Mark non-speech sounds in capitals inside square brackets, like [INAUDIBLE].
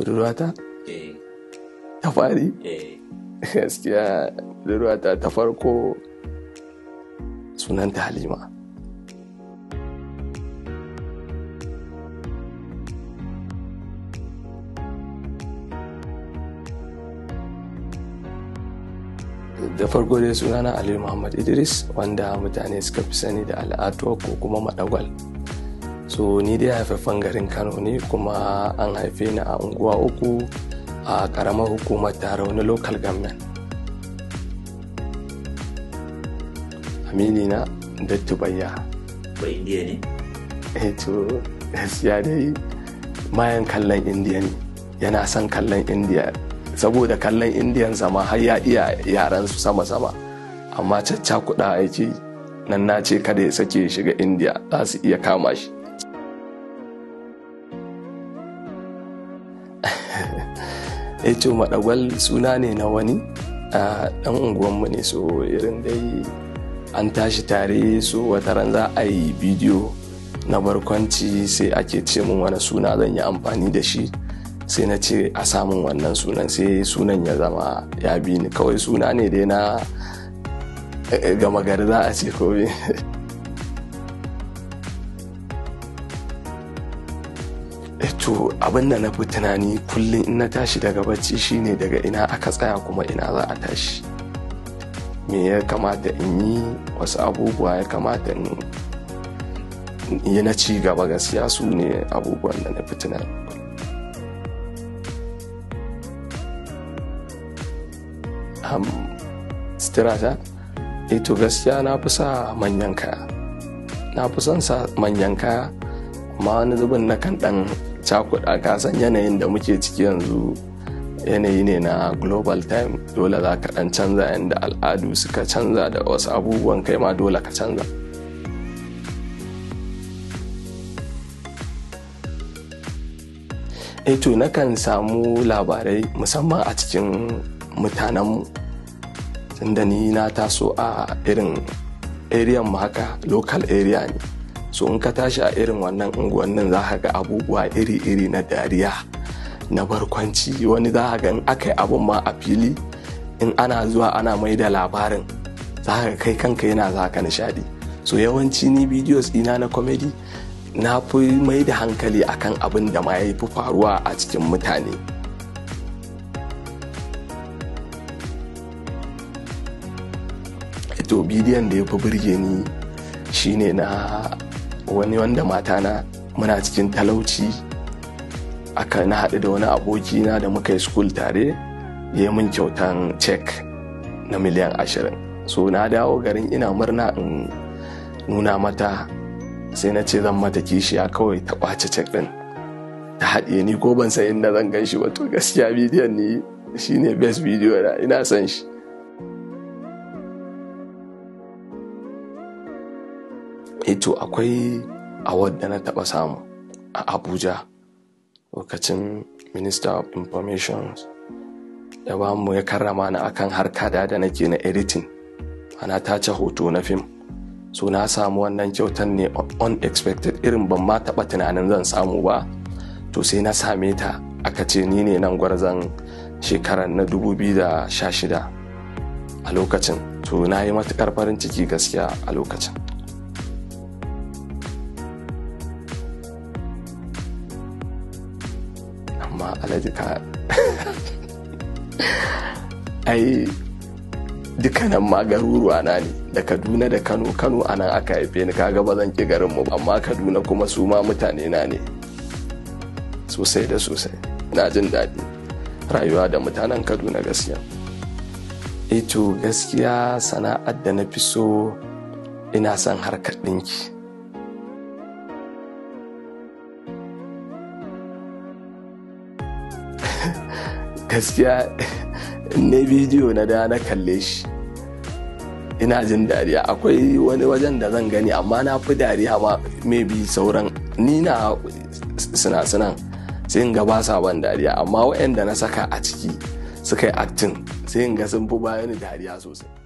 budurwata eh. ta fari eh. gaskiya budurwata ta farko sunanta halima da farko dai sunana ali muhammad idris wanda mutane suka fi sani da al'atuwa ko kuma madagwal so ni dai haifaffen garin kano ne kuma an haife ni a unguwa uku a karamar hukumar tare na local government aminina da tubayya bai indiya ne? eh to gaskiya dai mayan kallon indiya ne yana son kallon indiya saboda kallon indiyan zama har ya iya yaran su sama-sama amma cacca kuɗa aiki nan na ce kada ya sake shiga indiya za su iya kama shi ya eh, ce maɗagwal suna ne na wani ɗan unguwanmu ne so irin dai an tashi tare so wata ran za a yi bidiyo na barkwanci sai ake ce mun wani suna zan yi amfani da shi sai na ce a samun wannan sunan sai sunan ya zama ya bi ni kawai suna ne dai na eh, gama gari za a ce kobe [LAUGHS] to abin da na fi tunani kullum in na tashi daga bacci shine daga ina aka tsaya kuma ina za a tashi me ya kamata in yi wasu abubuwa ya kamata in yi na ci gaba gaskiya su ne abubuwan da na fi tunani sitirata eh to gaskiya na fi sa manyan kaya na fi son sa manyan kaya ma wani zubin na kan dan cakuɗa ka san yanayin da muke ciki yanzu yanayi ne na global time dole za ka ɗan canza yadda al'adu suka canza da wasu abubuwan kai ma dole ka canza eh na kan samu labarai musamman a cikin mutanenmu tunda ni na taso a irin area mu haka local area ne so in ka tashi a irin wannan unguwannin za ka ga abubuwa iri-iri na dariya na barkwanci wani za ka ga in aka yi abun ma a fili in ana zuwa ana mai da labarin za ka kai kanka yana za ka nishadi so yawanci ni videos ina na comedy na fi mai da hankali akan abin da ma ya fi faruwa a cikin mutane to bidiyon da ya fi birge ni shine na wani wanda mata na muna cikin talauci aka na haɗu da wani abokina da muka yi school tare ya yi min kyautan cek na miliyan ashirin so na dawo garin ina murna in nuna mata sai na ce zan mata kishiya kawai ta kwace cek ɗin ta haɗe ni ko ban san inda zan gan shi ba gaskiya bidiyon ni shine best bidiyo da ina son shi Eh to akwai award da na taɓa samu a abuja lokacin minister of information ya ba mu ya karrama na akan harka da da nake na editing ana tace hoto na fim so na samu wannan kyautan ne unexpected irin ban ma taɓa tunanin zan samu ba to sai na same ta aka ce ni ne nan gwarzon shekarar na 2016 a lokacin to na yi matukar farin ciki gaskiya a lokacin amma alhaji ka ai dukkanin ma garuruwa na ne da kaduna da kano kano a aka haife ni kaga ba zan ki garin mu amma kaduna kuma su ma mutane na ne sosai da sosai na jin daɗi rayuwa da mutanen kaduna gaskiya ito eh gaskiya sana'ar da na fi so ina son harkar ɗinki gaskiya ne bidiyo na da na kalle shi ina jin dariya akwai wani wajen da zan gani amma na fi dariya mai maybe sauran ni na suna-sunan sai in ga ba sa ban dariya amma waɗanda na saka a ciki suka yi actin sai in ga sun fi bayani dariya sosai